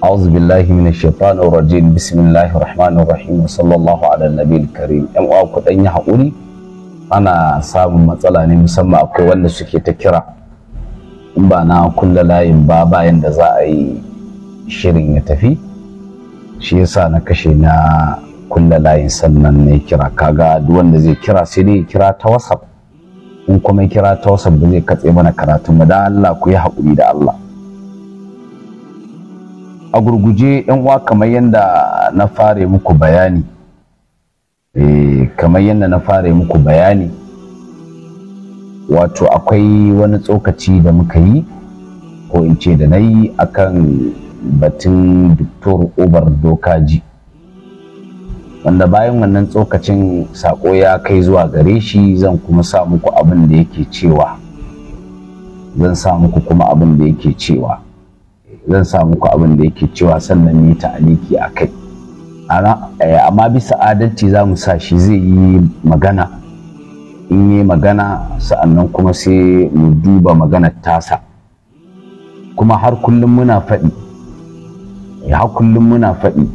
أعوذ بالله من الشيطان الرجيم بسم الله الرحمن الرحيم وصلى الله على uwa ku dan yi ana samun matsala ne musamman akwai wanda suke ta kira ba na kulla layin ba bayan da za a yi shirin ya tafi shi yasa na kashe na layin sannan ne kira kaga duk wanda zai kira sai dai kira ta WhatsApp in kuma kira ta WhatsApp katse mana karatun mu dan Allah ku yi da Allah a gurguje yan uwa kamar yadda na fara muku bayani eh, kamar yadda na fare muku bayani wato akwai wani tsokaci da muka yi ko in ce da na yi akan batun doktor obar dokaji wanda bayan wannan tsokacin sako ya kai zuwa gare shi zan kuma sa muku abin da yake cewa zan sa muku kuma abin da yake cewa zan sa muku abin da yake cewa sannan ni ta aliki a kai eh, amma bisa adalci za mu sa shi zai yi magana in yi magana sa'annan kuma sai mu duba maganar tasa kuma har kullum muna faɗi eh, har kullum muna faɗi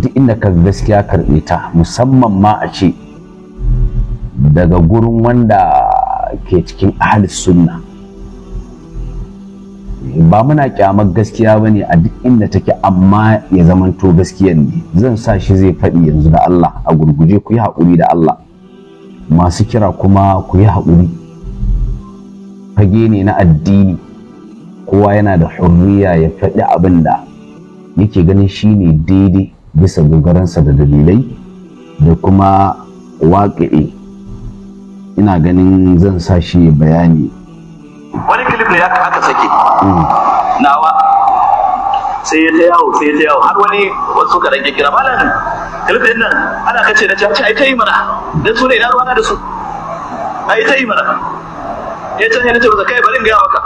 duk inda ka gaskiya karɓe ta musamman ma a ce daga gurin wanda ke cikin ahalis sunna ba muna kyamar gaskiya ba ne a duk inda take amma ya zamanto gaskiyar ne zan sa shi zai faɗi yanzu da Allah a gurguje ku yi haƙuri da Allah masu kira kuma ku yi haƙuri fage ne na addini kowa yana da hurriya ya faɗi abin da yake ganin shi ne daidai bisa gogaransa da dalilai da kuma waƙe ina ganin zan sa shi bayani wani kilif ne aka sake nawa sai ya ta yawo sai ya ta yawo har wani wasu suka rage kira malam kalifin nan ana kace na ce ai ta yi mana da su ne na da su ai ta yi mana ya canja na ce ba kai bari in gaya maka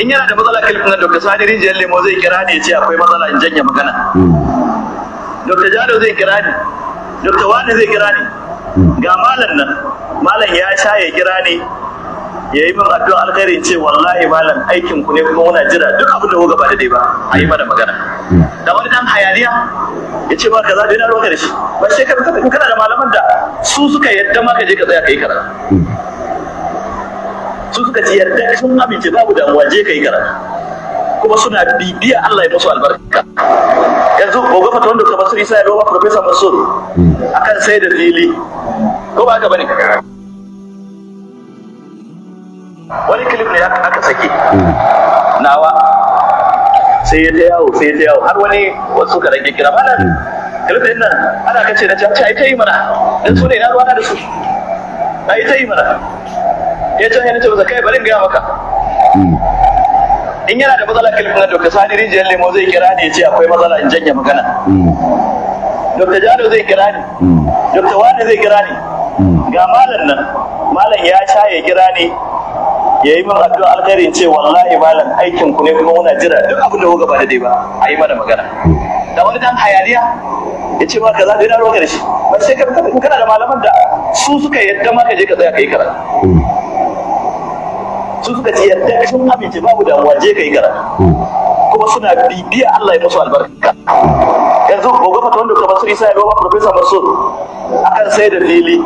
in yana da matsala kalifin nan dokta sani rijiyar lemo zai kira ne ya ce akwai matsala in janye magana dokta jado zai kira ne dokta wani zai kira ne ga malam nan malam ya sha ya kira ne ya yi min addu'a alkhairi ce wallahi malam aikin ku ne kuma muna jira duk abin da gaba da dai ba a yi mana magana da wani dan hayaniya ya ce ba kaza dai na ruwa shi ba sai kana da malaman da su suka yadda ma ka je ka tsaya ka yi karatu su suka ce yadda sun amince babu damuwa je ka yi karatu kuma suna bibiya Allah ya musu albarka yanzu gobe fata wanda ka basu isa ya roba professor Mansur hmm. akan sai da lili ko ba ka bane wani clip ne aka sake nawa sai ya ta yawo sai ya ta yawo har wani wasu ka rage kira mana hmm. clip din nan ana kace na ce ai ta yi mana dan su ne na ruwa da su ai ta yi mana ya ce yana cewa kai bari in ga maka hmm. in yana da matsala clip na doka sani rijiyar lemo zai kira ne ya ce akwai matsala in janye magana hmm. Dr. Jalo zai kira ni, Dr. Wani zai kira ni, ga malam nan, malam ya sha ya kira ni yayi min addu'a alkhairin ce wallahi malam aikin ku ne kuma muna jira duk abin da kuka ba dai ba a yi mana magana da wani dan hayaliya ya ce ma kaza da yana roƙar shi ba sai kana da malaman da su suka yadda ma ka je ka tsaya ka yi karatu su suka ce yadda sun amince babu damuwa je ka yi karatu kuma suna bibiya Allah ya musu albarka yanzu gobe fata wanda kamar su isa ya gobe professor mansur akan sai da lili.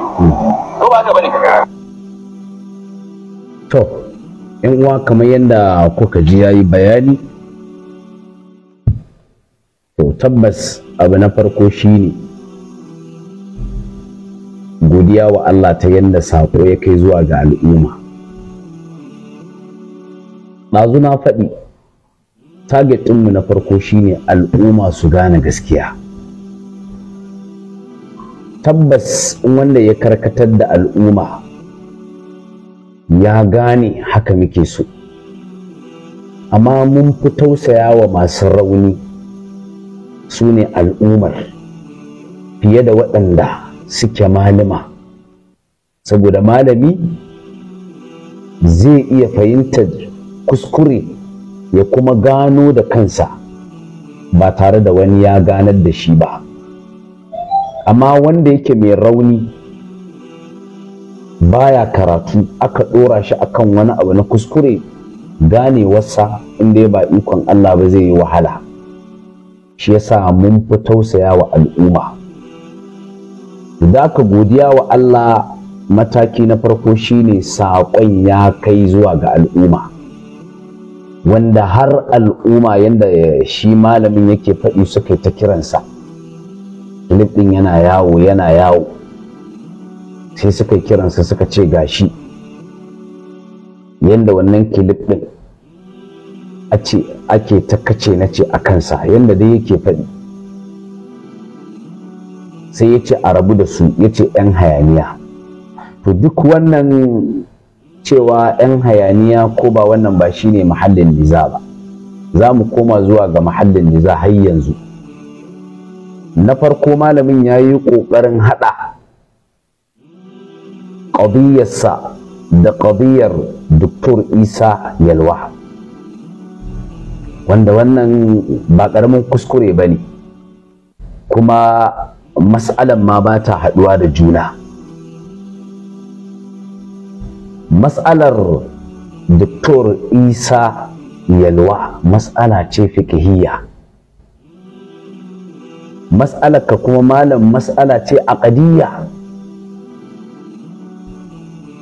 ko ba ka bane to yan uwa kamar yadda kuka ji ya yi bayani to tabbas abu na farko shine godiya wa Allah ta yadda sako ya kai zuwa ga al'umma ɗazu na faɗi target ɗinmu na farko shine al'umma su gane gaskiya tabbas wanda ya karkatar da al'umma ya gane haka muke so amma mun fi tausaya wa masu rauni su ne al'ummar fiye da waɗanda suke malama saboda malami zai iya fahimtar kuskure ya kuma gano da kansa ba tare da wani ya ganar da shi ba amma wanda yake mai rauni baya karatu aka ɗora shi akan wani abu na kuskure ganewarsa inda ba ikon Allah ba zai yi wahala shi yasa mun fi tausaya wa al'umma da aka godiya wa Allah mataki na farko shine saƙon ya kai zuwa ga al'umma wanda har al'umma yadda shi malamin yake faɗi suka ta kiransa ɗin yana yawo yana yawo sai suka yi kiransa suka ce gashi yadda wannan kilif ɗin ake ta kace na ce a kansa yadda dai yake faɗi sai ya ce a rabu da su ya ce 'yan hayaniya to duk wannan cewa 'yan hayaniya ko ba wannan ba shi ne mahallin niza ba za mu koma zuwa ga mahallin niza har yanzu na farko malamin ya yi ƙoƙarin haɗa ƙadiyarsa da ƙadiyar Dr. Isa Yalwa wanda wannan ba ƙaramin kuskure ba ne kuma mas'alan ma ba ta haɗuwa da juna mas'alar Dr. Isa Yalwa mas'ala ce fikihiyya mas'alarka kuma malam mas'ala ce aƙadiyya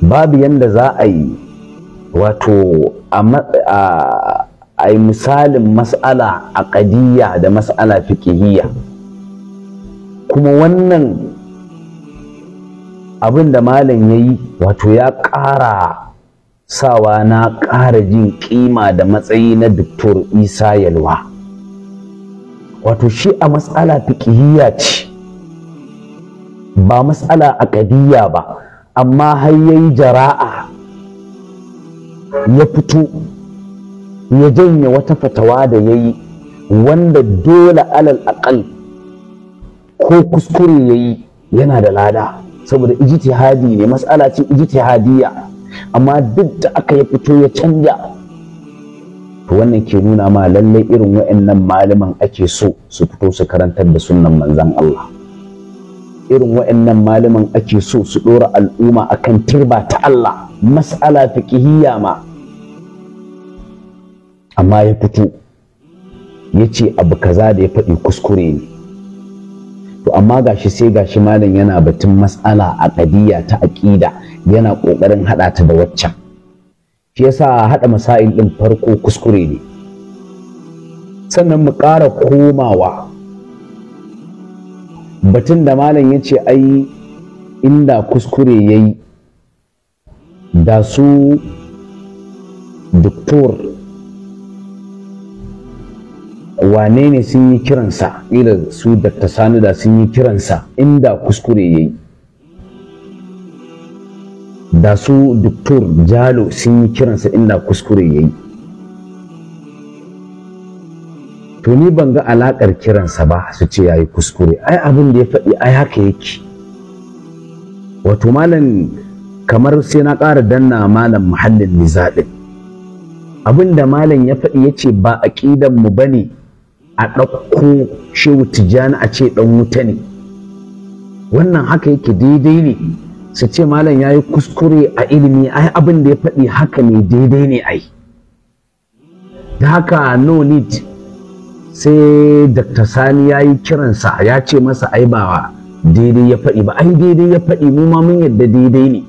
babu yanda za a yi wato a yi misalin mas'ala a ƙadiyya da mas'ala fiƙihiyya kuma wannan abin da malam ya yi wato ya ƙara sawa na ƙara jin ƙima da matsayi na Dr. isa yalwa wato shi a mas'ala fiƙihiyya ce ba mas'ala a ƙadiyya ba amma har yayi jara'a ya fito ya janye wata fatawa da ya yi wanda dole alal aƙal ko kuskure ya yi yana da lada saboda ijtihadi ne matsala ce ijtihadiyya amma duk da aka ya fito ya canja to wannan ke nuna ma lallai irin wa'annan malaman ake so su fito su karantar da sunnan manzon Allah irin wa'annan malaman ake so su ɗora al'umma akan turba ta Allah mas'ala fiqhiyya ma amma ya fito ya ce abu kaza da ya faɗi kuskure ne to amma gashi sai gashi malam yana batun mas'ala a ƙadiyya ta aƙida yana ƙoƙarin haɗa ta da waccan shi yasa haɗa masail ɗin farko kuskure ne sannan mu ƙara komawa batun da malam ya ce ai inda kuskure ya yi da su doktor wane ne sun yi kiransa ila su dakta sani da sun yi kiransa inda kuskure ya yi da su doktor jalo sun yi kiransa inda kuskure ya yi to ni ban ga alaƙar kiransa ba su ce yayi kuskure ai abin da ya faɗi ai haka yake wato malam kamar sai na ƙara danna malam muhallin nizaɗin abin da malam ya faɗi yace ce ba aƙidan mu bane a ɗauko shehu tijjani a ce ɗan wuta ne wannan haka yake daidai ne su ce malam ya yi kuskure a ilimi ai abin da ya faɗi haka ne daidai ne ai da haka no need sai Dr. Sani ya yi kiransa ya ce masa ai ba daidai ya faɗi ba ai daidai ya faɗi mu ma mun yadda daidai ne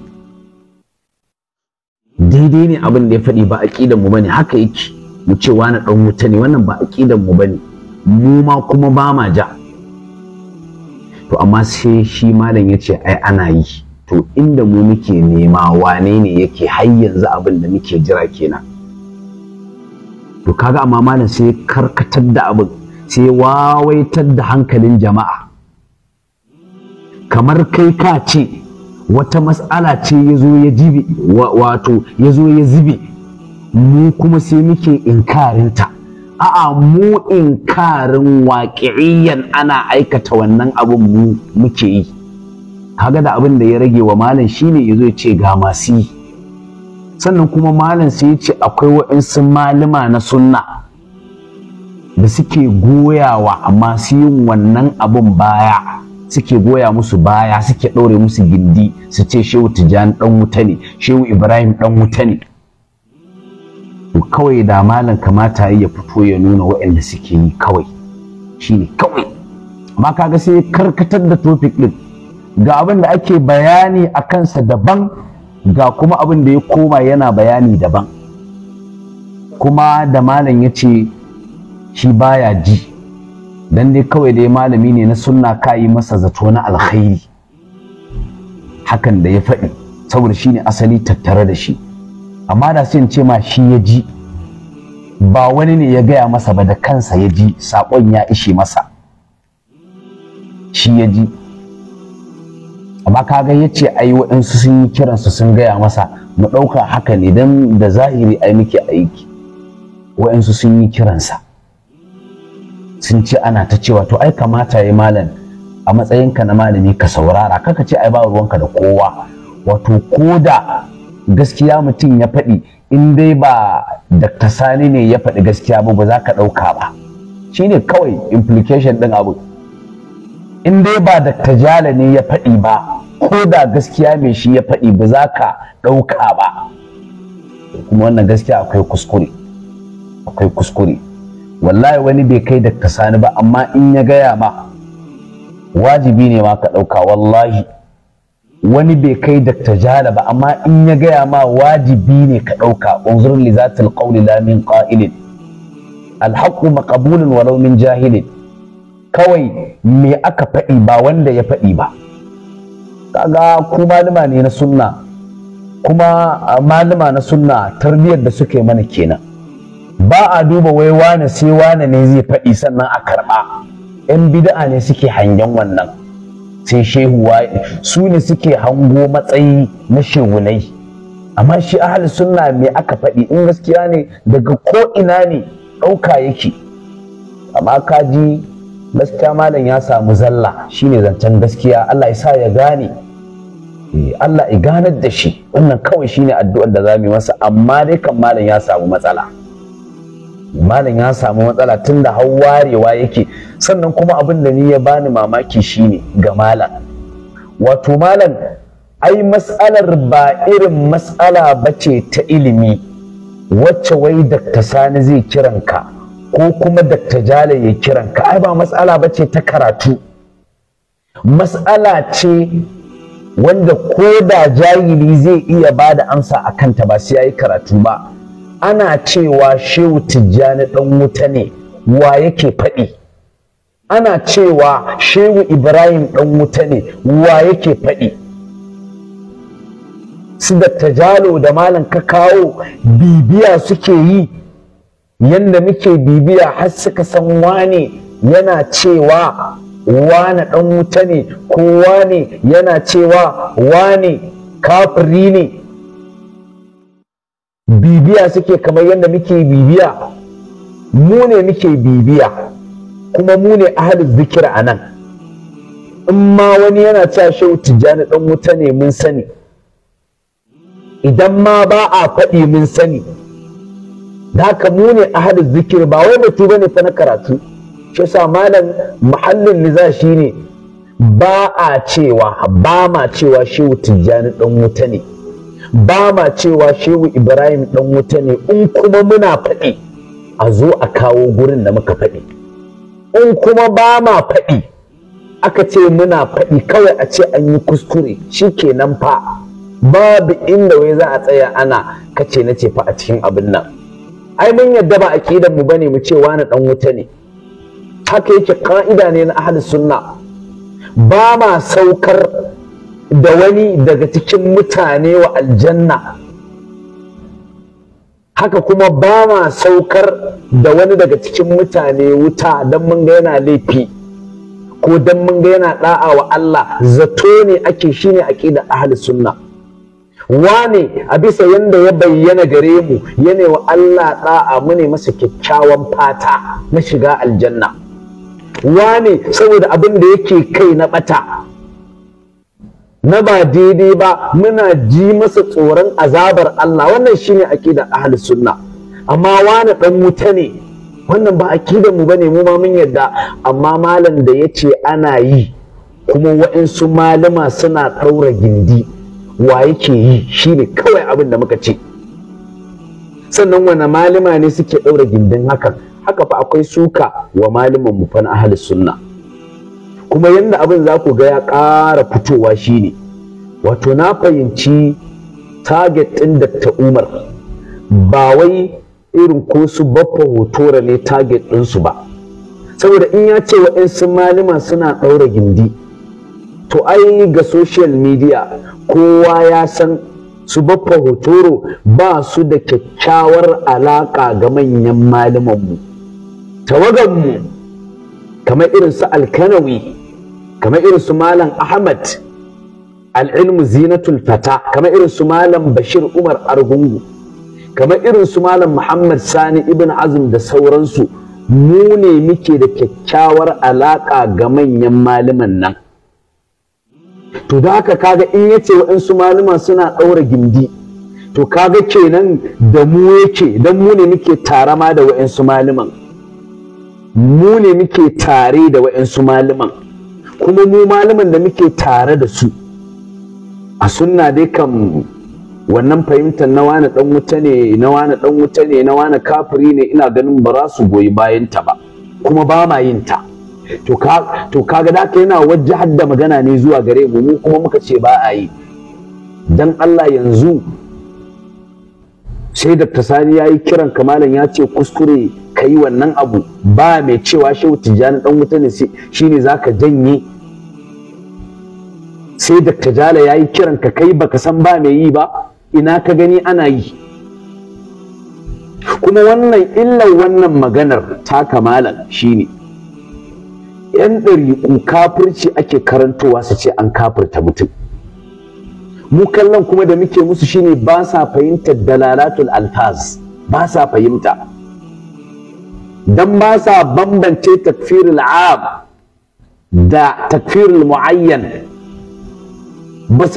daidai ne abin da ya faɗi ba aƙidan mu bane haka yake mu ce wani ɗan wuta ne wannan ba aƙidan mu bane mu ma kuma ba ma ja to amma sai shi malam ya ce ai ana yi to inda mu muke nema wane ne yake har yanzu abin da muke jira kenan to kaga amma malam sai karkatar da abin sai wawaitar da hankalin jama'a kamar kai ka ce wata mas'ala ce ya zo ya jibi wato ya zo ya zibe mu kuma sai muke inkarinta a'a mu inkarin waƙi'iyan ana aikata wannan abin mu muke yi kaga da abin da ya rage wa malam shine ya zo ya ce ga masu yi sannan kuma malam sai ce akwai waɗansu malama na sunna da suke goyawa su yin wannan abin baya suke goya musu baya suke ɗaure musu gindi su ce shehu tijjani ɗan wuta ne shehu ibrahim ɗan wuta ne kawai da malam kamata ya fito ya nuna waɗanda suke yi kawai Shi ne kawai amma kaga sai karkatar da topic ɗin ga abin da ake bayani a kansa daban ga kuma abin da ya koma yana bayani daban kuma da malam ya ce shi baya ji dan dai kawai dai malami ne na sunna ka yi masa zato na alkhairi hakan da ya faɗi saboda shi ne asali tattare da shi amma da sai ce ma shi ya ji ba wani ne ya gaya masa ba da kansa ya ji saƙon ya ishe masa shi ya ji amma kaga ya ce ai waɗansu sun yi kiransu sun gaya masa mu ɗauka haka ne don da zahiri ai muke aiki waɗansu sun yi kiransa sun ce ana ta cewa to ai kamata ya malam a matsayinka na malami ka saurara kaka ce ai ba ruwanka da kowa wato ko da gaskiya mutum ya faɗi in dai ba Dr. Sani ne ya faɗi gaskiya ba ba za ka ɗauka ba shine kawai implication ɗin abu in dai ba da tajala ne ya faɗi ba ko da gaskiya mai shi ya faɗi ba za ka ɗauka ba kuma wannan gaskiya akwai kuskure akwai kuskure wallahi wani bai kai da kasani ba amma in ya gaya ma wajibi ne ma ka ɗauka wallahi wani bai kai da tajala ba amma in ya gaya ma wajibi ne ka ɗauka unzur li zatil qawli la min qa'ilin alhaqqu maqbulun walau min jahilin kawai me aka faɗi ba wanda ya faɗi ba kaga ku malama ne na sunna kuma malama na sunna tarbiyyar da suke mana kenan ba a duba wai wane sai wane ne zai faɗi sannan a karɓa yan bid'a ne suke hangen wannan sai shehu su ne suke hango matsayi na shehunai amma shi ahli sunna me aka faɗi in gaskiya ne daga ko ina ne ɗauka yake amma ka ji gaskiya malam ya samu zalla shine zancen gaskiya Allah ya sa ya gane eh, Allah ya ganar da shi wannan kawai shine addu'ar da zamu yi masa amma dai kan malam ya samu matsala malam ya samu matsala tunda har warewa yake sannan kuma abin da ni ya bani mamaki shine ga malam wato malam ai matsalar ba irin matsala bace ta ilimi wacce wai Dr. Sani zai kiranka ko kuma Dr. Jalo ya kiran ka ai ba matsala ba ce ta karatu matsala ce wanda ko da jahili zai iya ba da amsa a kanta ba sai ya yi karatu ba ana cewa shehu tijjani ɗan wuta ne wa yake faɗi ana cewa shehu ibrahim ɗan wuta ne wa yake faɗi su da tajalo da malam ka kawo bibiya suke yi yanda muke bibiya har suka san wane yana cewa wane ɗan wuta ne ko wane yana cewa wane kafiri ne bibiya suke kamar yadda muke bibiya mu ne muke bibiya kuma mu ne ahalin zikir a nan in ma wani yana cewa shehu tijjani ɗan wuta ne mun sani idan ma ba a faɗi mun sani da haka mu ne a ahadin zikir ba wai batu bane fa na karatu shi sa malam muhallin shi shine ba a cewa ba ma cewa shehu tijjani dan wuta ne ba ma cewa shehu ibrahim dan wuta ne in kuma muna faɗi a zo a kawo gurin da muka faɗi in kuma ba ma faɗi aka ce muna faɗi kawai a ce an yi kuskure shikenan fa babu inda wai za a tsaya ana kace na ce fa a cikin abin nan ai mun yadda ba akidar mu bane mu ce wani dan wuta ne haka yake ka'ida ne na ahli sunna ba ma saukar da wani daga cikin mutane wa aljanna haka kuma ba ma saukar da wani daga cikin mutane wuta dan mun ga yana laifi ko dan mun ga yana da'a wa Allah zato ne ake shine aqida ahli sunna wane a bisa yadda ya bayyana gare mu yana wa Allah da'a mu ne masa kyakkyawan fata na shiga aljanna wane saboda abin da yake kai na bata na ba daidai ba muna ji masa tsoron azabar Allah wannan shine aqidar ahli sunna amma wani dan wuta ne wannan ba aqidar mu bane mu ma mun yadda amma malam da yace ana yi kuma waɗansu malama suna ɗaura gindi wa yake yi shine kawai abin da muka ce sannan wani malama ne suke ɗaura gindin hakan haka fa akwai suka wa malaman mu fa na ahli sunna kuma yanda abin za ku ga ya ƙara fitowa shine wato na fahimci target ɗin ta Umar ba wai irin ko su baffa hotora ne target ɗinsu ba saboda in ya ce wa'yansu malama suna ɗaura gindi to ai ga social media kowa ya san su baffa hotoro ba su da kyakkyawar alaƙa ga manyan malamanmu tawaganmu kamar irin su alkanawi kamar irin su malam ahmad al'ilmu zinatul fata kamar irin su malam bashir umar argungu kamar irin su malam muhammad sani ibn Azim da sauransu mu ne muke da kyakkyawar alaƙa ga manyan malaman nan to da aka kaga in yace waɗansu maluma suna ɗaura gindi to kaga kenan da mu yake dan mu ne muke tare ma da waɗansu malaman mu ne muke tare da waɗansu malaman kuma mu malaman da muke tare da su a sunna dai kan wannan fahimtar na wani dan wuta ne na wani dan wuta ne na wani kafiri ne ina ganin ba za su goyi bayanta ba kuma ba ma yin ta to ka to kaga da yana wajahar da magana ne zuwa gare mu mu kuma muka ce ba a yi dan Allah yanzu sai Dr. Sani ya yi kiran kamalan ya ce kuskure ka yi wannan abu ba mai cewa shehu tijjani dan wuta ne za zaka janye sai da Jala ya yi kiran ka kai baka san ba mai yi ba ina ka gani ana yi kuma wannan illar wannan maganar ta kamalan ne. 'yan ɗariƙu kafirci ake karantowa su ce an kafirta mutum mu kallon kuma da muke musu shine ba sa fahimtar dalalatul alfaz ba sa fahimta dan ba sa bambance takfirul ab da takfirul muayyan ba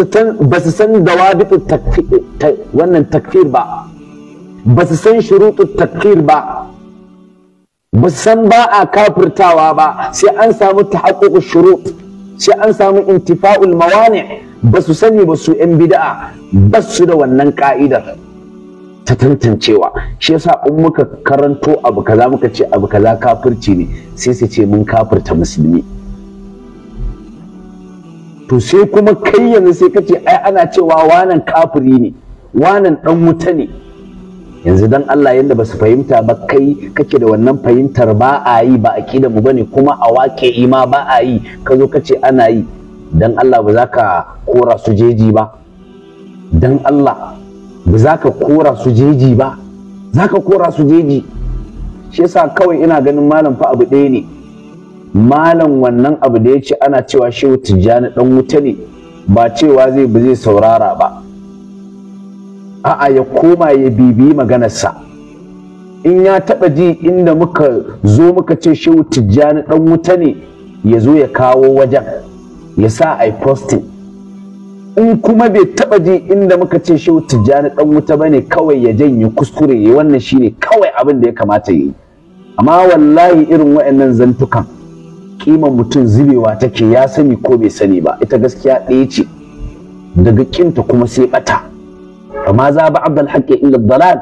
su san duka wannan takfir ba ba su san shurutu takfir ba san ba a kafirtawa ba sai an samu tahaqquq shurut sai an samu intifa'ul mawani ba su sani ba su yan bida'a. ba su da wannan ƙa'idar ta tantancewa shi yasa in muka karanto abu kaza muka ce abu kaza kafirci ne sai su ce mun kafirta musulmi to sai kuma kai yanzu sai kace ai ana cewa wanan kafiri ne wanan ɗan wuta ne yanzu dan Allah yanda basu fahimta ba kai kake da wannan fahimtar ba a yi ba aqida mu bane kuma a wake ima ba a yi ka kace ana yi dan Allah ba za ka kora su jeji ba dan Allah ba za ka kora su jeji ba za ka kora su jeji shi yasa kawai ina ganin malam fa abu ɗaya ne malam wannan abu da ya ce ana cewa shehu tijjani dan wuta ne ba cewa zai zai saurara ba a'a ya koma ya bibiyi maganarsa in ya taɓa ji inda muka zo muka ce shehu tijjani ɗan wuta ne ya zo ya kawo wajen ya sa a posting in kuma bai taɓa ji inda muka ce shehu tijjani ɗan wuta ba ne kawai ya janye kuskure ya wannan shine kawai abin da ya kamata yi amma wallahi irin waɗannan zantukan kiman mutum zubewa take ya sani ko bai sani ba ita gaskiya ɗaya ce daga kinta kuma sai ɓata amma za ba abdal haqqi illa dalal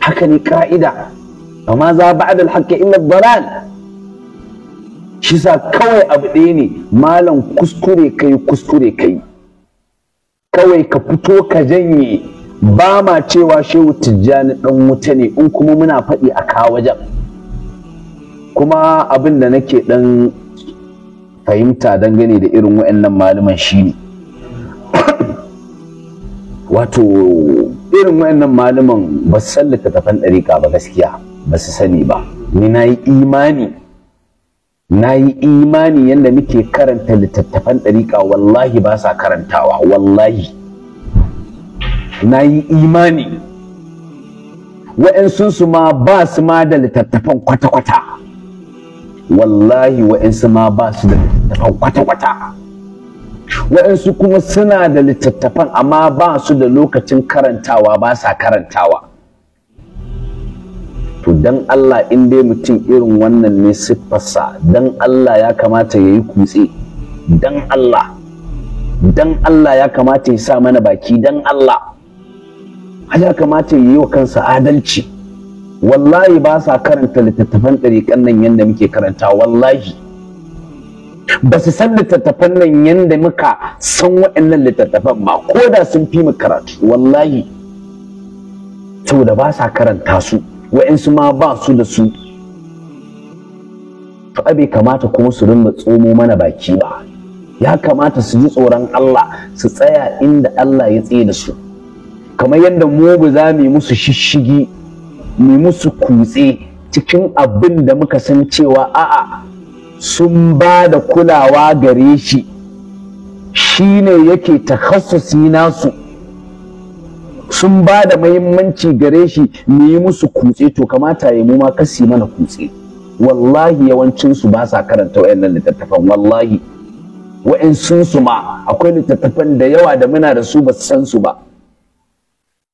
haka ne ka'ida amma za ba abdal haqqi illa dalal shi sa kawai abu ɗaya ne malam kuskure kai kuskure kai kawai ka fito ka janye ba ma cewa shehu tijjani ɗan wuta ne in kuma muna faɗi a wajen kuma abin da nake ɗan fahimta dangane da irin wa'annan malaman shine. wato irin wayannan malaman ba su san littattafan ɗariƙa ba gaskiya ba su sani ba ni na yi imani na yi imani yadda muke karanta littattafan ɗariƙa wallahi ba sa karantawa wallahi na yi imani su ma ba su ma da littattafan kwata-kwata wallahi wa'yansu ma ba su da littattafan kwata-kwata waɗansu kuma suna da littattafan amma ba su da lokacin karantawa ba sa karantawa to dan Allah in dai mutum irin wannan ne siffarsa dan Allah ya kamata ya yi kutse dan Allah dan Allah ya kamata ya sa mana baki dan Allah ya kamata ya yi wa kansa adalci wallahi ba sa karanta littattafan ɗariƙan nan yadda muke karanta wallahi ba su san littattafan nan yadda muka san waɗannan littattafan ba ko da sun fi mu karatu wallahi saboda ba sa karanta su waɗansu ma ba su da su to bai kamata kuma su rinna tsomo mana baki ba ya kamata su ji tsoron Allah su tsaya inda Allah ya tsaye da su kamar yadda mu za mu musu shishigi mu musu kutse cikin abin da muka san cewa a'a sun ba da kulawa gare shi shi ne yake takhassusi nasu sun ba da mahimmanci gare shi mu yi musu kutse to kamata ya mu ma kasi mana kutse wallahi yawancinsu ba sa karanta wayannan littattafan wallahi wa'insunsu ma akwai littattafan da yawa da muna da su ba san su ba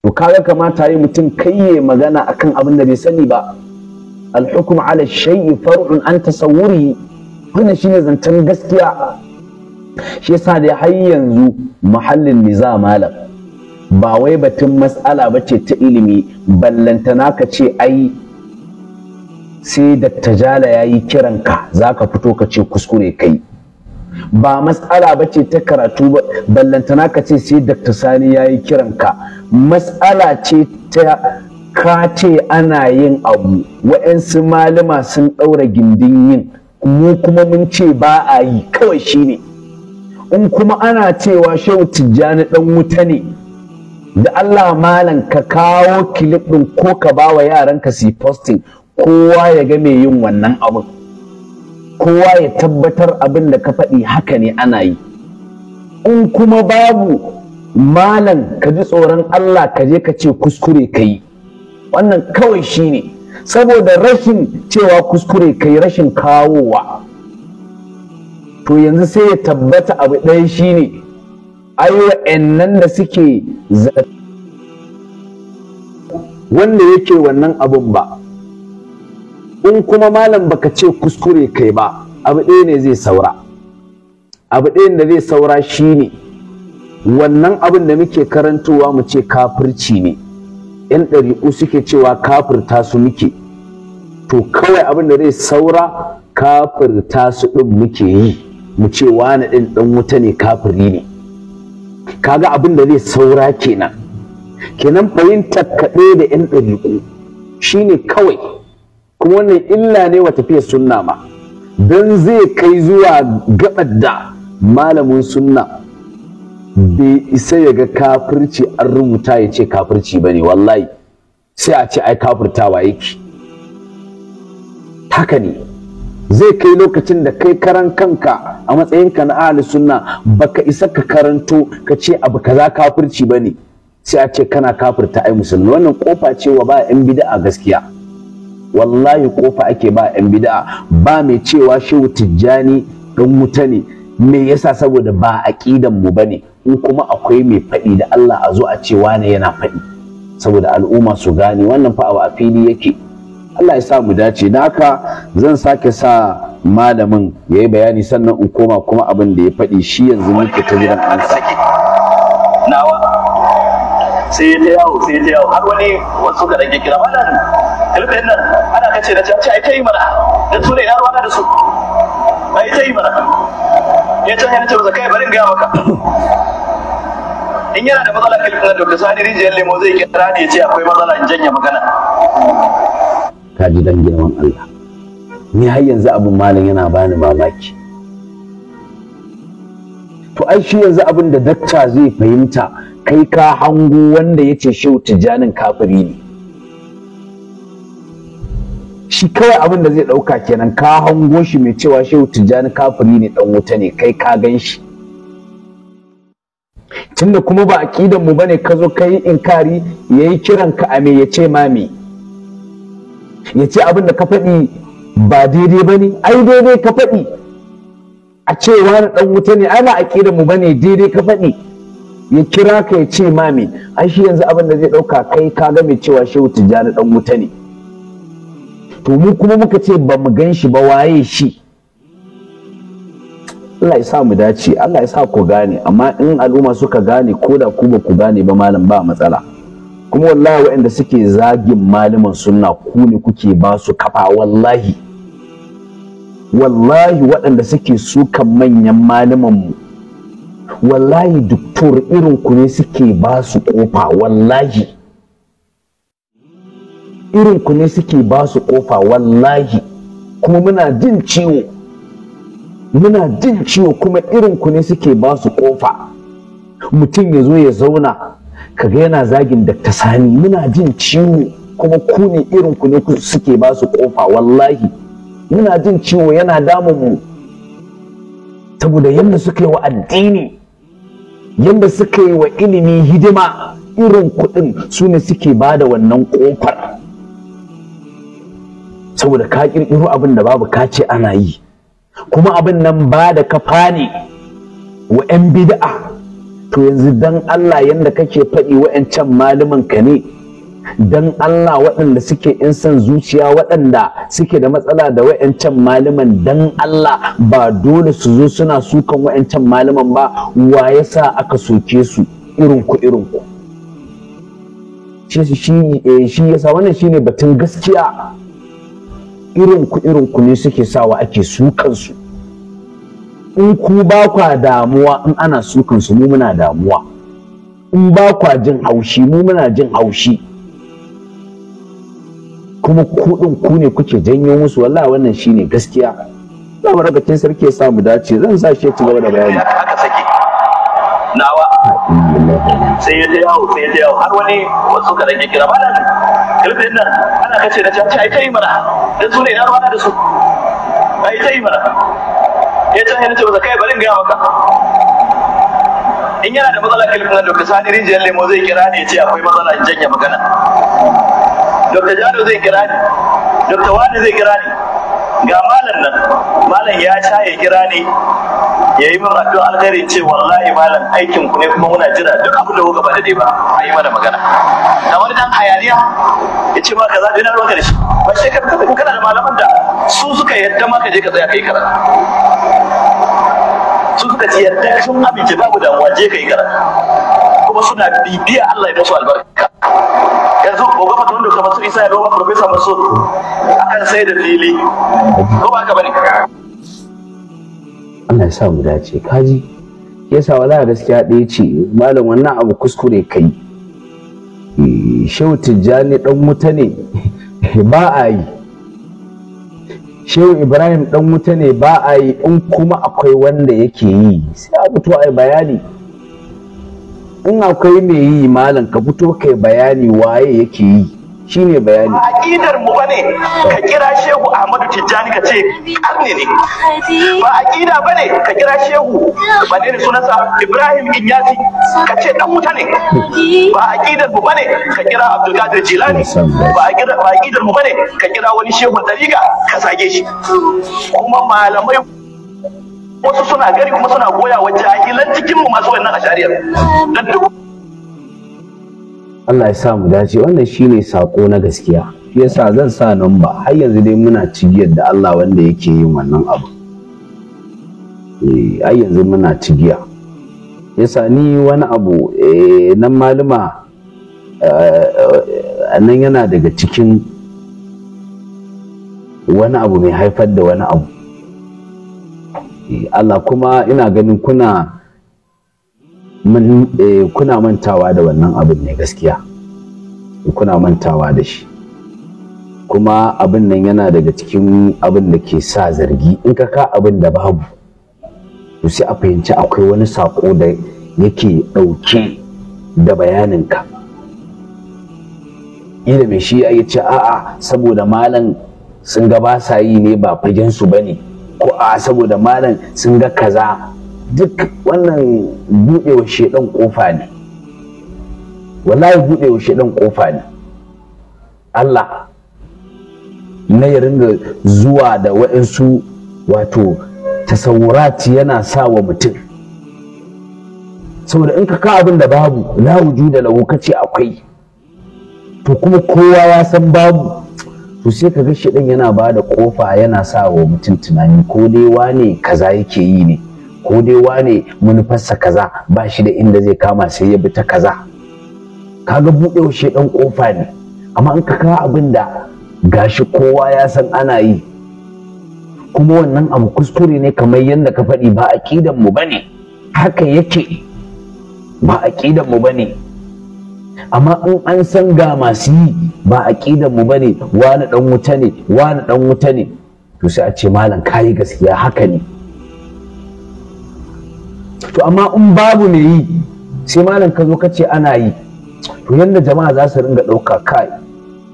to kaga kamata yi mutum kayye magana akan abin da bai sani ba al-hukm ala shay'i far'un an tasawwurihi wannan shine zancen gaskiya shi yasa da har yanzu muhallin niza malam ba wai batun matsala ba ce ta ilimi ballantana ka ce ai sai dattajala ya yi kiranka za ka fito ka ce kuskure kai ba matsala ba ce ta karatu ba ballantana ka ce sai dakta sani ya yi kiranka matsala ce ta ka ce ana yin abu wa'yansu malama sun ɗaura gindin yin mu kuma mun ce ba a yi kawai shi ne in kuma ana cewa shehu tijjani dan wuta ne da Allah malam ka kawo kilif din ko ka ba wa yaranka su posting kowa ya ga mai yin wannan abin kowa ya tabbatar abin da ka faɗi haka ne ana yi in kuma babu malam ka ji tsoron Allah ka je ka ce kuskure ka yi wannan kawai shi ne saboda rashin cewa kuskure kai rashin kawowa to yanzu sai ya tabbata abu ɗaya shine ai nan da suke wanda yake wannan abun ba in kuma malam baka ce kuskure kai ba abu ɗaya ne zai saura abu ɗayan da zai saura shine wannan abin da muke karantowa mu ce kafirci ne 'yan ɗari'u suke cewa kafirta su muke to kawai abin da zai saura kafirta su ɗin muke yi mu ce wani ɗin ɗan wuta ne kafiri ne kaga abin da zai saura kenan kenan fahimtar kaɗe da 'yan ɗari'u shine kawai kuma wannan illa ne wa tafiyar sunna ma don zai kai zuwa gaɓar da malamin sunna bai isa ya ga kafirci an rubuta ya ce kafirci ba ne wallahi sai a ce ai wa yake haka ne zai kai lokacin da kai karan kanka a matsayinka na ahli sunna baka isa ka karanto ka ce abu kaza kafirci ba ne sai a ce kana kafirta ai musulmi wannan kofa ce wa ba yan bid'a gaskiya wallahi kofa ake ba yan bid'a ba mai cewa shehu tijjani dan wuta ne me yasa saboda ba aqidan mu bane in kuma akwai mai faɗi da Allah a zo a ce wane yana faɗi saboda al'umma su gane wannan fa a fili yake Allah ya sa mu dace na haka zan sake sa malamin ya yi bayani sannan in koma kuma abin da ya faɗi shi yanzu muke ta gidan an sake. nawa sai ta yawo sai ta yawo har wani wasu ga rage kira malam kalbin nan ana kace da ta ai kai mana da tura ya ruwa da su ai kai mana ya can ne ce zakai kai bari in ga maka in yana da matsala kai kuma Dr. Sani rijiyar lemo zai kira ne ya ce akwai matsala in janya magana ka ji dan girman Allah ni har yanzu abin malam yana bani mamaki to ai shi yanzu abin da dakta zai fahimta kai ka hango wanda ya ce shehu tijjanin kafiri ne shi kawai abin da zai ɗauka kenan ka hango shi mai cewa shi tijjani kafiri ne ɗan wuta ne kai ka gan shi tunda kuma ba aqidan mu bane ka zo kai inkari yayi kiran ka a me yace mami Ya yace abin da ka faɗi ba daidai bane ai daidai ka faɗi a ce wani dan wuta ne ai ba aqidan mu bane daidai ka faɗi ya kira ka ya ce ai shi yanzu abin da zai ɗauka kai ka ga mai cewa shehu tijjani ɗan wuta ne to mu kuma muka ce ba mu gan shi ba waye shi Allah ya sa mu dace Allah ya sa ku gane amma in al'umma suka gane ko da ku ba ku gane ba malam ba matsala kuma wallahi waɗanda suke zagin malaman sunna ku ne kuke ba su kafa wallahi wallahi waɗanda suke sukan manyan malaman mu wallahi doktor irin ku ne suke ba su kofa wallahi irin ku ne suke ba su kofa wallahi kuma muna jin ciwo muna jin ciwo kuma irin ku ne suke ba su kofa mutum ya zo ya zauna kaga yana zagin da sani muna jin ciwo kuma ku ne irin ku ne suke ba su kofa wallahi muna jin ciwo yana damu mu saboda yadda suka yi wa addini yadda suka yi wa ilimi hidima irin kuɗin su ne suke ba da wannan kofar. saboda ka ƙirƙiro abin da babu ka ce ana yi kuma abin nan ba da kafa ne wa 'yan bid'a to yanzu dan Allah yadda kake faɗi wayancan malaman ka ne dan Allah waɗanda suke in son zuciya waɗanda suke da matsala da wayancan malaman dan Allah ba dole su zo suna sukan wayancan malaman ba wa ya sa aka soke su irin ku irin ku shi eh, yasa wannan shine batun gaskiya irin ku irin ku ne suke sawa ake sukan su in ku ba kwa damuwa in ana sukan su mu muna damuwa in ba kwa jin haushi mu muna jin haushi kuma kuɗin ku ne kuke janyo musu wallahi wannan shine gaskiya za mu rabatin sarki ya samu dace zan sa shi ya ci gaba da bayani sai ya je yawo sai ya je yawo har wani wasu ka rage kira ba nan kirfin nan ana kace na ce ai kai mana dan su ne na ruwana da su a yi ta yi mana ya can yana ce ba kai bari gaya maka in yana da matsala kalmar nan dokta sani rijiyar lemo zai kira ne ya ce akwai matsala in janya magana dokta jado zai kira ne dokta wani zai kira ne ga malam nan malam ya sha ya kira ne ya yi min addu'a alkhairi ce wallahi malam aikin ku ne kuma muna jira duk abin da kuka ba ba a yi mana magana da wani dan hayaniya ya ce ma kaza dai na ruwanka da shi ba shi ka tafi kana da malaman da su suka yadda ma ka je ka tsaya kai karatu su suka ce yadda sun amince babu damuwa je kai karatu kuma suna bibiya Allah ya musu albarka yanzu gobe fata wanda kamar su isa ya roba profesa masu akan sai da fili ko ba ka bari. Allah ya sa mu dace kaji yasa wala gaskiya ɗaya ce malam wannan abu kuskure kai eh, shehu tijjani dan wuta ne ba a yi shehu ibrahim dan wuta ne ba a yi in kuma akwai wanda yake yi sai a fito a bayani in akwai mai yi malam ka fito kai bayani waye yake yi shine bayani aqidar mu bane ka kira shehu Ahmadu Tijjani ka ce karni ne ba aqida bane ka kira shehu bane ne sunansa Ibrahim Inyasi ka ce dan wuta ne ba aqidar mu bane ka kira Abdul Qadir Jilani ba aqidar ba aqidar mu bane ka kira wani shehu dariga ka sage shi kuma malamai wasu suna gari kuma suna goya wa jahilan cikin mu masu wannan ashariyar dan duk Allah ya sa mu dace wannan shine sako na gaskiya yasa zan sa namba har yanzu dai muna cigiyar da Allah wanda yake yin wannan abu eh har yanzu muna cigiya yasa ni wani abu eh nan maluma eh, eh, nan yana daga cikin wani abu mai haifar da wani abu eh, Allah kuma ina ganin kuna Eh, kuna mantawa da wannan abin ne gaskiya kuna mantawa da shi kuma abin nan yana daga cikin abin da ke sa zargi in ka ka abin da babu to sai a fahimci akwai wani sako da yake ɗauke da bayaninka ilimi shi ya ce a'a saboda malam sun ga ba sa yi ne ba fagen su bane ko a saboda malam sun ga kaza duk wannan buɗewa shaidan kofa ne wallahi buɗewa shaidan kofa ne Allah na ya ringa zuwa da waɗansu wato tasawurati yana sa wa mutum saboda in ka ka abin da babu na la wujuda ka kace akwai to kuma kowa ya san babu to sai ka ga shi yana ba da kofa yana sa wa mutum tunani ko dai wane kaza yake yi ne ko dai wane manufarsa kaza ba shi da inda zai kama sai ya bi ta kaza kaga buɗe wa dan kofa ne amma in ka kawo abin da gashi kowa ya san ana yi kuma wannan abu kuskure ne kamar yadda ka faɗi ba aƙidan mu bane haka yake ba aƙidan mu bane amma in an san ga masu yi ba aƙidan mu bane wani dan wuta ne wani dan wuta ne to sai a ce malam kayi gaskiya haka ne to amma in babu mai yi sai malam ka zo ka ce ana yi to yadda jama'a za su ringa ɗauka kai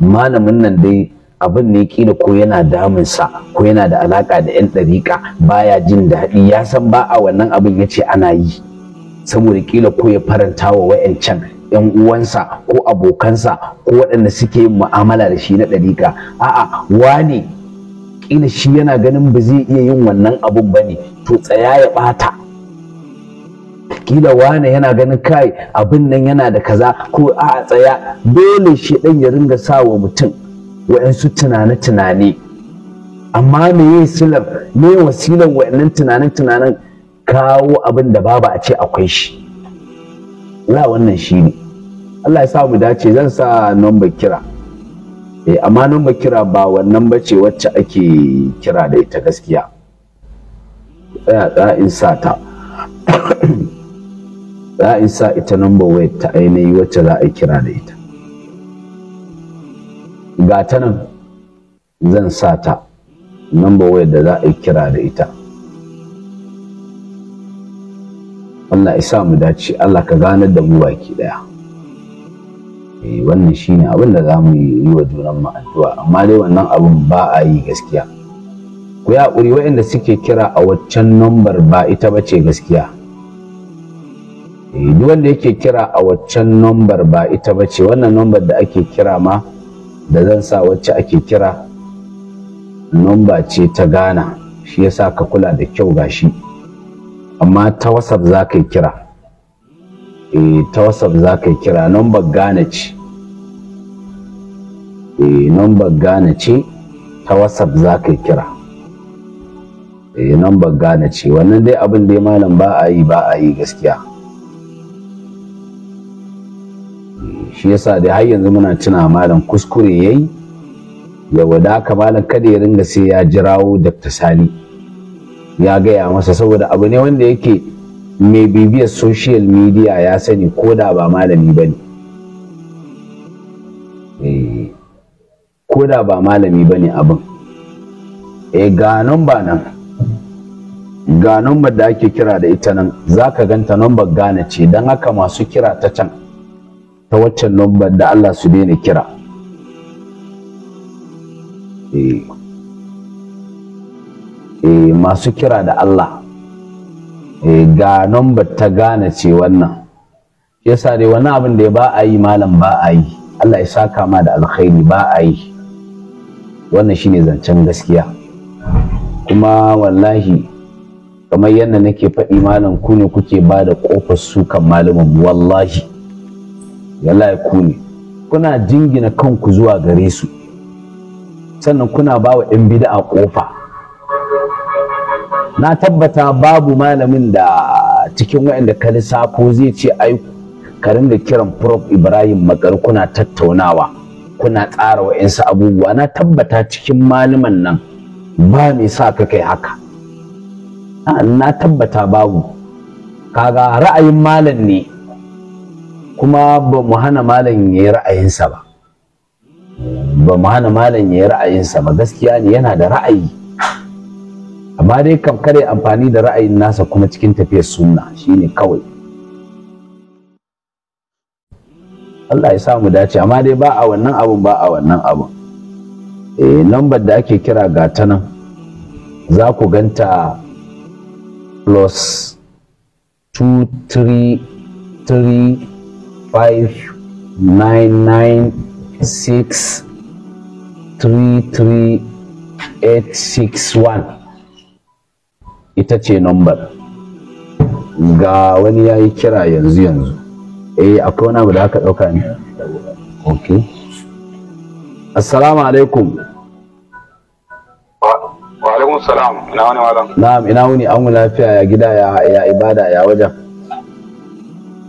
malamin nan dai abin ne kila ko yana damunsa ko yana da alaka da 'yan ɗariƙa baya jin daɗi ya san ba a wannan abin ya ce ana yi saboda kila ko ya faranta wa wa'yancan 'yan uwansa ko abokansa ko waɗanda suke mu'amala da shi na ɗariƙa a'a wane kila shi yana ganin ba zai iya yin wannan abun ba ne to tsaya ya ɓata kila wane yana ganin kai abin nan yana da kaza ko a tsaya dole shi ɗan ya ringa sa wa mutum wa'yansu tunane-tunane amma me yi silar me wasilar waɗannan tunanen-tunanen kawo abin da babu a ce akwai shi la wannan shi ne Allah ya sa mu dace zan sa number kira eh amma number kira ba wannan bace wacce ake kira da ita gaskiya tsaya in sa ta za a sa ita number wayar ta ainihi wacce za a kira da ita ga ta nan zan sa ta number wayar da za a kira da ita Allah isa mu dace Allah ka ganar da mu baki daya eh wannan shine abin da za mu yi wa junan mu addu'a amma dai wannan abin ba a yi gaskiya ku ya haƙuri waɗanda suke kira a waccan number ba ita ba ce gaskiya duk wanda yake kira a waccan nombar ba ita ba ce wannan nombar da ake kira ma da zan sa wacce ake kira nomba ce ta Ghana shi yasa ka kula da kyau gashi amma ta wasap za ka kira e, ta wasap za ka yi kira eh, nombar Ghana ce e, eh, nombar Ghana ce ta za ka kira e eh, nombar ce wannan dai abin dai malam ba a yi ba a yi gaskiya shi yasa da har yanzu muna cina malam kuskure yayi ya wada malam kada ya ringa sai ya jirawo Dr. Sani ya gaya masa saboda abu ne wanda yake mai bibiyar social media ya sani ko da ba malami ba ne eh, ko da ba malami ba abin e ga ba nan ga ba da ake kira da ita nan za ka ganta ba gane ce don haka masu kira ta can ta waccan nomba da Allah su daina kira e masu kira da Allah e, ga nomba ta gane ce wannan yasa dai wani abin da ba a yi malam ba a yi Allah ya saka ma da alkhairi ba a yi wannan shine zancen gaskiya kuma wallahi kamar yadda nake faɗi malam ku ne kuke ba da ƙofar sukan malamin wallahi wallahi ku ne kuna jingina kanku zuwa gare su sannan kuna ba wa 'yan bida a ƙofa na tabbata babu malamin da cikin waɗanda ka lissafo zai ce ai ka ringa kiran prof ibrahim makar kuna tattaunawa kuna tsara wa'insu abubuwa na tabbata cikin malaman nan ba mai sa ka kai haka na tabbata babu kaga ra'ayin malam ne kuma ba mu hana malam ya yi ra'ayinsa ba ba mu hana malam ya yi ra'ayinsa ba gaskiya ne yana da ra'ayi amma dai kam kare amfani da ra'ayin nasa kuma cikin tafiyar sunna shine kawai Allah ya samu dace amma dai ba a wannan abun ba a wannan abun eh lambar da ake kira ga ta nan za ku ganta plus 2 3 3 five nine nine six three three eight six one ita ce number ga wani ya yi kira yanzu yanzu eh akwai wani abu da aka ɗauka ne ok assalamu alaikum wa alaikum salam ina wani malam na'am ina wani an lafiya ya gida ya ibada ya wajen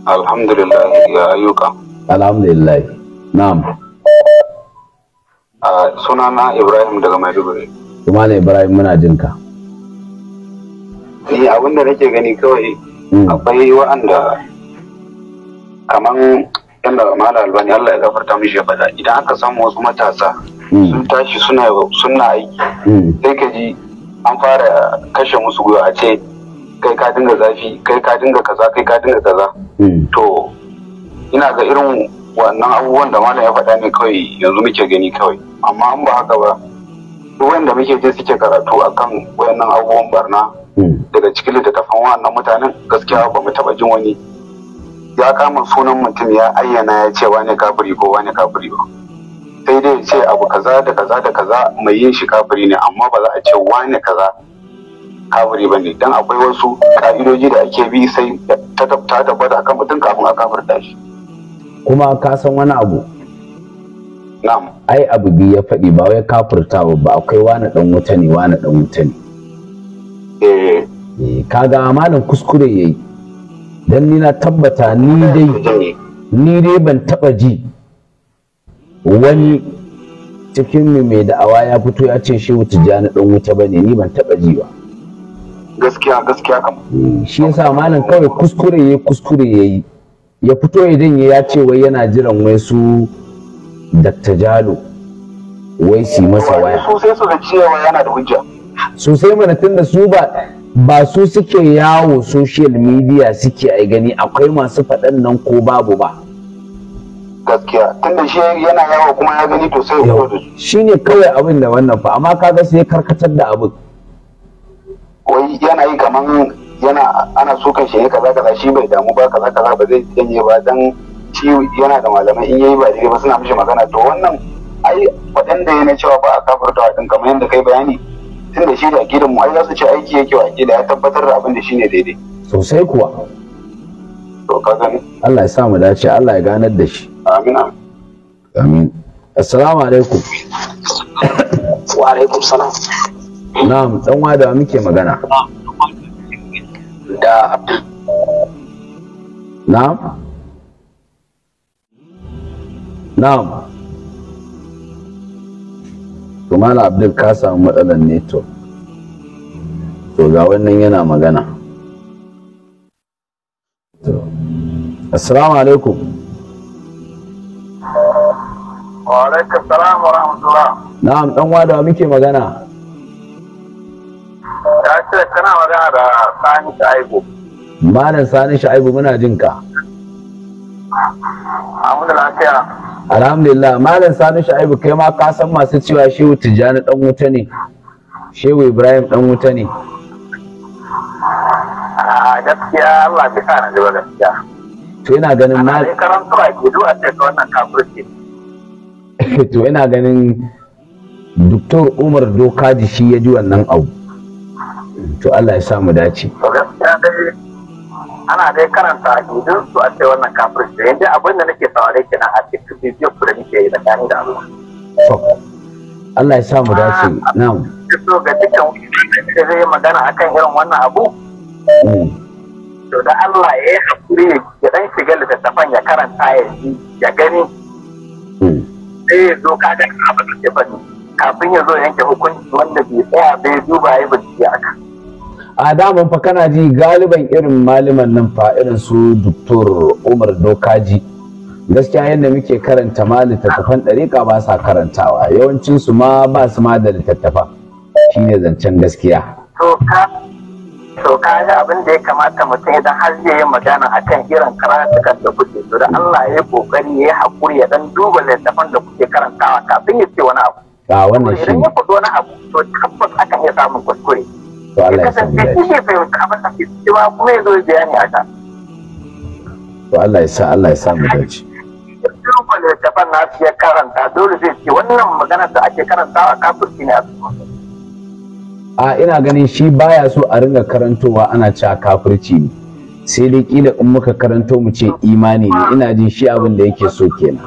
alhamdulillah ya ayyuka alhamdulillah na'am ah, sunana ibrahim daga maiduguri kuma ne ibrahim muna jinka. Ni eh, abin da nake gani kawai hmm. akwai wa'anda kaman yadda mala albani allah ya gafarta mishi ya faɗa idan aka samu wasu matasa hmm. sun tashi suna suna aiki hmm. sai ka ji an fara kashe musu gwiwa a ce kai ka dinga zafi kai ka dinga kaza kai ka dinga kaza Hmm. to ina ga irin wannan abubuwan da malam ya faɗa ne kawai yanzu muke gani kawai amma an ba haka ba duk wanda muke je suke karatu akan wayannan abubuwan barna hmm. daga cikin littattafan wannan mutanen gaskiya ba mu taba jin wani ya kama sunan mutum ya ayyana ya ce wani kafiri ko wani kafiri ba sai dai ce abu kaza da kaza da kaza mai yin shi kafiri ne amma ba za a ce wane kaza kafiri ba ne don akwai wasu ka'idoji da ake bi sai ta tabbata kan mutum kafin a kafirta shi kuma ka san wani abu ai abu biyu ya faɗi ba wai kafurta ba akwai wani ɗan wuta ne wani ɗan wuta ne eh. Eh, kaga malam kuskure yayi dan ni na tabbata ni dai ni dai ban taba ji wani cikin mai da'awa ya fito ya ce shi shehu na dan wuta bane ni ban taba ji ba gaskiya gaskiya kam eh, shi yasa malam kawai kuskure yayi kuskure yayi ya fito idan ya ce wai yana jiran wai su Dr. Jalo wai su masa waya su sai su da cewa yana da hujja su sai mana tunda su ba ba su suke yawo social media suke ai gani akwai masu faɗan nan ko babu ba gaskiya tunda shi yana yawo kuma ya gani to sai ya fito da shi shine kawai abin da wannan fa amma kaga sai karkatar da abin wai yana yi kaman yana ana so kan shi kaza kaza shi bai damu ba kaza kaza ba zai janye ba dan shi yana da malamai in yayi ba dai ba suna mishi magana to wannan ai waɗanda yana cewa ba a kafarta da ɗin kamar yadda kai bayani tun da shi da gidan mu ai za su ce aiki yake wa gida ya tabbatar da abin da shi ne daidai sosai kuwa to ka gani Allah ya sa mu dace Allah ya ganar da shi amin amin assalamu alaikum wa alaikum salam na'am dan wada muke magana da na'am na'am to mala abdul ka samu matsalar network to ga wannan yana magana assalamu alaikum wa alaikum salam wa rahmatullah na'am dan wada muke magana kana magana da Sani Shaibu. Malam Sani Shaibu muna jin ka. Alhamdulillah Malam Sani Shaibu kai ma ka san masu cewa Shehu Tijjani dan wuta ne. Shehu Ibrahim dan wuta ne. A ah, gaskiya Allah bisa na ji gaskiya. To ina ganin ma. Ana karanta ba ke duwa ka wannan kafirci. To ina ganin Dr. Umar Dokaji shi ya ji wannan abu. to Allah ya sa mu dace ana dai karanta idan su a cewa wannan kafirci yanzu abin da nake saurare kenan a cikin bidiyo su kuma nake yi tsakanin da Allah Allah ya sa mu dace ah, na'am so ga dukkan wani zai magana akan irin wannan abu mm. to da Allah ya yi hakuri ya dan shiga littattafan ya karanta ya ji ya gani mm. sai ya zo ka ga abin da ya kafin ya zo yanke hukunci wanda bai tsaya bai duba ya bincike akan a daman fa kana ji galiban irin maliman nan fa irin su doktor umar dokaji gaskiya yadda muke karanta ma littattafan ɗariƙa ba sa karantawa yawancin su ma ba su ma da littattafa shine zancen gaskiya to ga abin da ya kamata mutum idan har zai yi magana akan irin karatukan da kuke to da Allah ya yi kokari ya yi hakuri ya dan duba littattafan da kuke karantawa kafin ya ce wani abu a wannan shi idan ya faɗi wani abu to tabbas akan iya samun kuskure to Allah ya samu dace kuma ya zo bayani haka to Allah ya sa Allah ya samu dace dukkan littafan na fiye karanta dole zai ce wannan magana da ake karantawa kafirci ne a a ina ganin shi baya so a ringa karantowa ana cewa kafirci ne sai dai kila in muka karanto mu ce imani ne ina jin shi abin da yake so kenan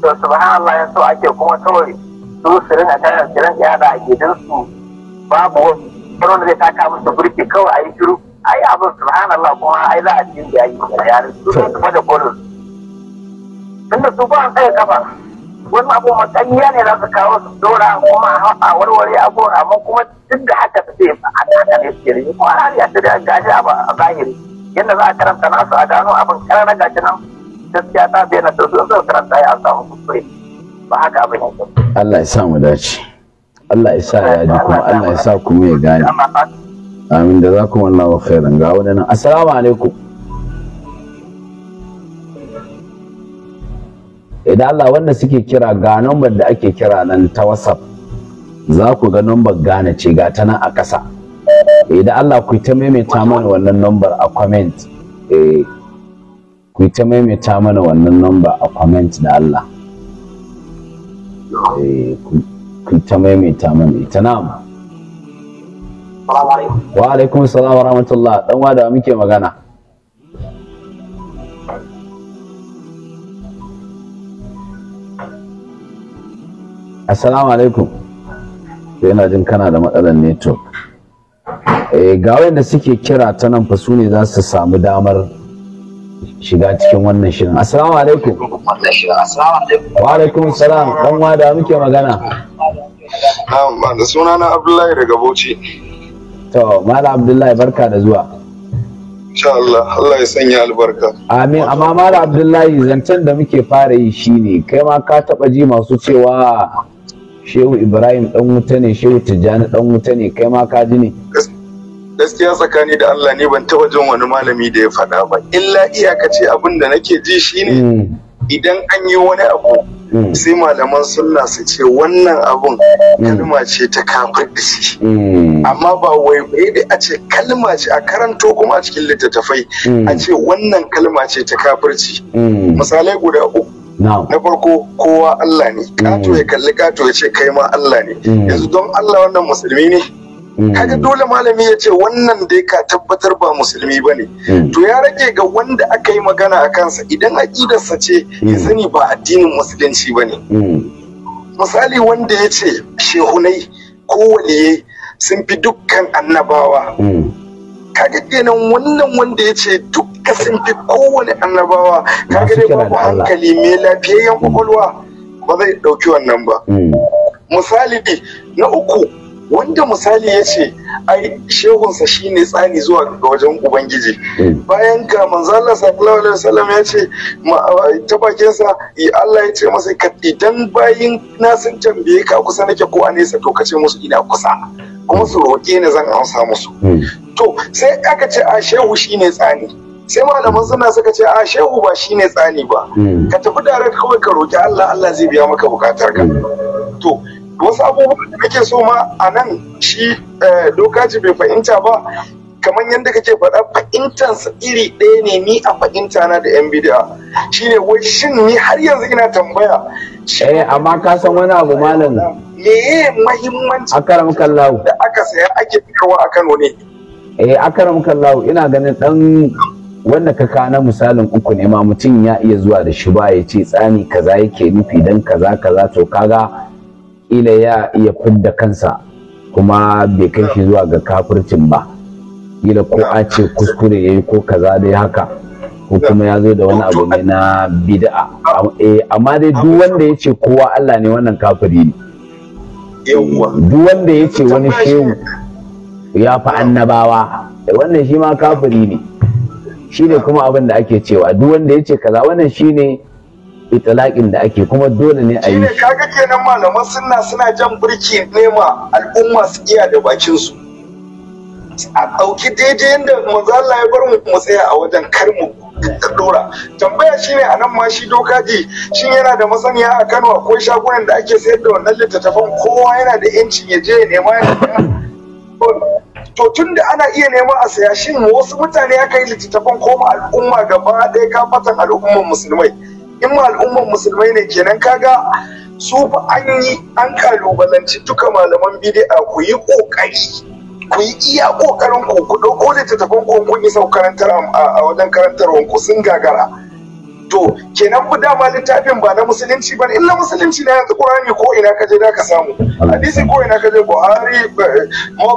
to subhanallah yanzu ake kuma kawai su su ringa karantiran yada a gidansu babu wani zai taka musu burki kawai a yi shiru yi abin subhanallah kuma za a da da yare su kuma da tunda su ba an tsaye kafa wani abu ne za su kawo su dora kuma a warware abu amma kuma duk da haka su ce a haka ne zahiri yadda za karanta nasu a gano abin gaji nan gaskiya ta bayyana su sun karanta ba haka abin yake Allah ya samu dace Allah ya sa ya ji kuma Allah ya sa kuma ya gane amin da za ku wa khairan ga nan assalamu alaikum idan Allah wanda suke kira ga nambar da ake kira nan ta WhatsApp za ku ga nambar gane ce ga ta nan a ƙasa idan Allah ku ta maimaita mana wannan nambar a comment eh ku ta maimaita mana wannan nambar a comment da Allah eh ku ta maimaita mana ita na'am wa alaikum salam wa rahmatullah Ɗan wa da muke magana assalamu alaikum yana jin kana da matsalar network E, ga wanda suke kira ta nan fa su ne za su samu damar shiga cikin wannan shirin assalamu alaikum wa alaikum salam dan wa da muke magana Na'am, da suna na abdullahi daga bauchi to mala abdullahi barka da zuwa insha Allah Allah ya sanya albarka amin amma mala abdullahi zancen da muke fara yi shine kai ma ka taba ji masu cewa shehu ibrahim dan wuta ne shehu tijjani dan wuta ne kai ma ka ji ne gaskiya tsakani da Allah ne ban taba jin wani malami da ya faɗa ba illa iyakace abin da nake ji shine mm. idan an yi wani abu Mm. sai malaman sunna su ce wannan abun mm. kalma ce ta shi mm. amma ba wai bai da a ce kalma ce a karanto kuma a cikin littattafai a ce wannan kalma ce ta kafirci misalai guda uku na farko kowa Allah ne kato ya kalli kato ya ce kai ma Allah ne yanzu don Allah wannan musulmi ne Mm. kaga dole malami ya ce wannan dai ka tabbatar ba musulmi ba ne mm. to ya rage ga wanda aka yi magana a kansa idan aƙidarsa ce ya mm. sani ba addinin musulunci ba ne misali wanda ya ce shehunai ko waliye sun fi dukkan annabawa kaga kenan wannan wanda ya ce dukka sun fi kowane annabawa kaga dai babu hankali mai lafiyayyen kwakwalwa ba zai ɗauki wannan ba misali na uku wanda misali ya ce ai shehunsa shi ne tsani zuwa ga wajen ubangiji hmm. bayan ga manzala sallallahu alaihi wasallam ya ce ta bakinsa, Allah ya ce masa idan bayin na sun tambaye ka kusa nake ko a nesa to kace ce musu ina kusa kuma su roƙe ni zan amsa musu hmm. to sai aka ce a shehu shi ne tsani sai malaman suna suka ce a shehu ba shi ne tsani ba hmm. ka tafi da kawai ka roƙi Allah Allah zai biya maka bukatar ka to wasu abubuwan da nake so ma a nan shi eh, dokaji bai fahimta ba kamar yadda kake faɗa fahimtansa iri ɗaya ne ni a fahimta na da yan bidiya shine wai shin ni har yanzu ina tambaya eh amma ka san wani abu malam meye muhimmanci akaram kallahu da aka saya ake fitarwa a Kano ne eh akaram kallahu ina ganin dan wanda ka kana misalin uku ne ma mutum ya iya zuwa da shi ba ya ce tsani kaza yake nufi dan kaza kaza to kaga ila ya iya fidda kansa kuma bai kai shi zuwa ga kafircin ba ila ko a ce kuskure yayi ko kaza dai haka ko kuma ya zo da wani abu ne na bid'a eh, amma dai duk wanda ya ce kowa Allah ne wannan kafiri ne duk wanda ya ce wani shehu ya fi annabawa wannan shi ma kafiri ne shi ne kuma abin da ake cewa duk wanda ya ce kaza wannan shi ne itilaƙin da ake kuma dole ne a yi shi kaga kenan malaman sunna suna jan birki nema al'umma su iya da bakin su a dauki daidai yadda manzo Allah ya bar mu mu tsaya a wajen kar mu dora tambaya shine a nan ma shi doka ji, shin yana da masaniya a Kano akwai shagunan da ake sayar da wannan littattafan kowa yana da yancin ya je ya nema ya to tun da ana iya nema a saya shin wasu mutane aka yi littattafan koma al'umma gaba ɗaya kafatan al'umman musulmai in ma al'ummar musulmai ne kenan kaga su fa an yi an kalubalanci duka malaman bid'a ku yi kokari ku yi iya kokarin ku ku dauko littattafan ku kun yi karantar a wajen karantarwar ku sun gagara to kenan ku dama littafin ba na musulunci ba illa musulunci na yanzu qur'ani ko ina kaje da ka samu hadisi ko ina kaje buhari eh,